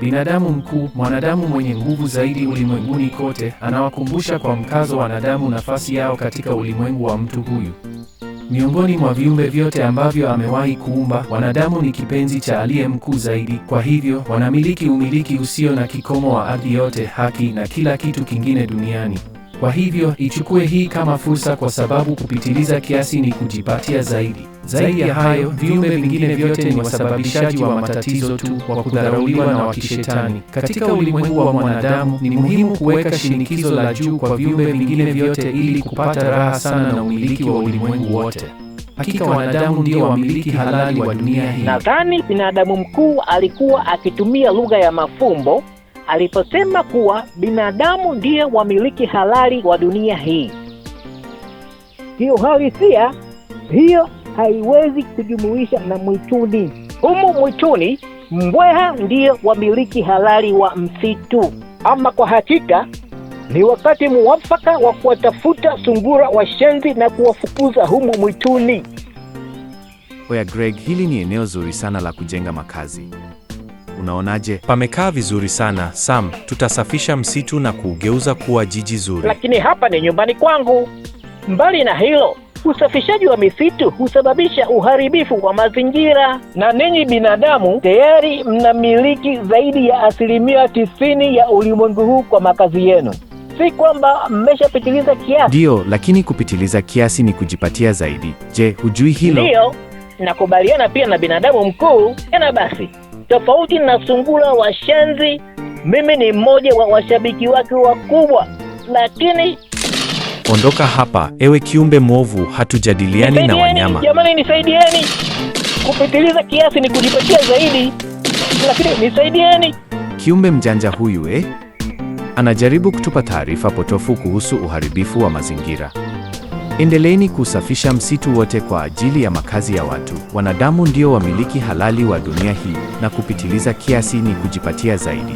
binadamu mkuu, mwanadamu mwenye nguvu zaidi ulimwenguni kote, anawakumbusha kwa mkazo wanadamu nafasi yao katika ulimwengu wa mtu huyu. Miongoni mwa viumbe vyote ambavyo amewahi kuumba, wanadamu ni kipenzi cha aliye mkuu zaidi. Kwa hivyo, wanamiliki umiliki usio na kikomo wa ardhi yote, haki na kila kitu kingine duniani. Kwa hivyo ichukue hii kama fursa, kwa sababu kupitiliza kiasi ni kujipatia zaidi. Zaidi ya hayo, viumbe vingine vyote ni wasababishaji wa matatizo tu, wa kudharauliwa na wa kishetani. Katika ulimwengu wa mwanadamu, ni muhimu kuweka shinikizo la juu kwa viumbe vingine vyote ili kupata raha sana na umiliki wa ulimwengu wote. Hakika wanadamu ndio wamiliki halali wa dunia hii. Nadhani binadamu mkuu alikuwa akitumia lugha ya mafumbo aliposema kuwa binadamu ndiye wamiliki halali wa dunia hii. Kiuhalisia hiyo haiwezi kujumuisha na mwituni. Humu mwituni mbweha ndiye wamiliki halali wa msitu. Ama kwa hakika ni wakati muwafaka wa kuwatafuta sungura washenzi na kuwafukuza humu mwituni. Oya Greg, hili ni eneo zuri sana la kujenga makazi unaonaje? Pamekaa vizuri sana Sam, tutasafisha msitu na kuugeuza kuwa jiji zuri. Lakini hapa ni nyumbani kwangu. Mbali na hilo, usafishaji wa misitu husababisha uharibifu wa mazingira, na ninyi binadamu tayari mnamiliki zaidi ya asilimia tisini ya ulimwengu huu kwa makazi yenu. Si kwamba mmeshapitiliza kiasi. Ndiyo, lakini kupitiliza kiasi ni kujipatia zaidi. Je, hujui hilo? Ndiyo, nakubaliana pia na binadamu mkuu. Tena basi Tofauti na sungura wa shenzi, mimi ni mmoja wa washabiki wake wakubwa, lakini ondoka hapa ewe kiumbe mwovu, hatujadiliani na wanyama. Jamani, nisaidieni! Kupitiliza kiasi ni kujipatia zaidi, lakini nisaidieni. Kiumbe mjanja huyu eh, anajaribu kutupa taarifa potofu kuhusu uharibifu wa mazingira. Endeleeni kusafisha msitu wote kwa ajili ya makazi ya watu. Wanadamu ndio wamiliki halali wa dunia hii na kupitiliza kiasi ni kujipatia zaidi.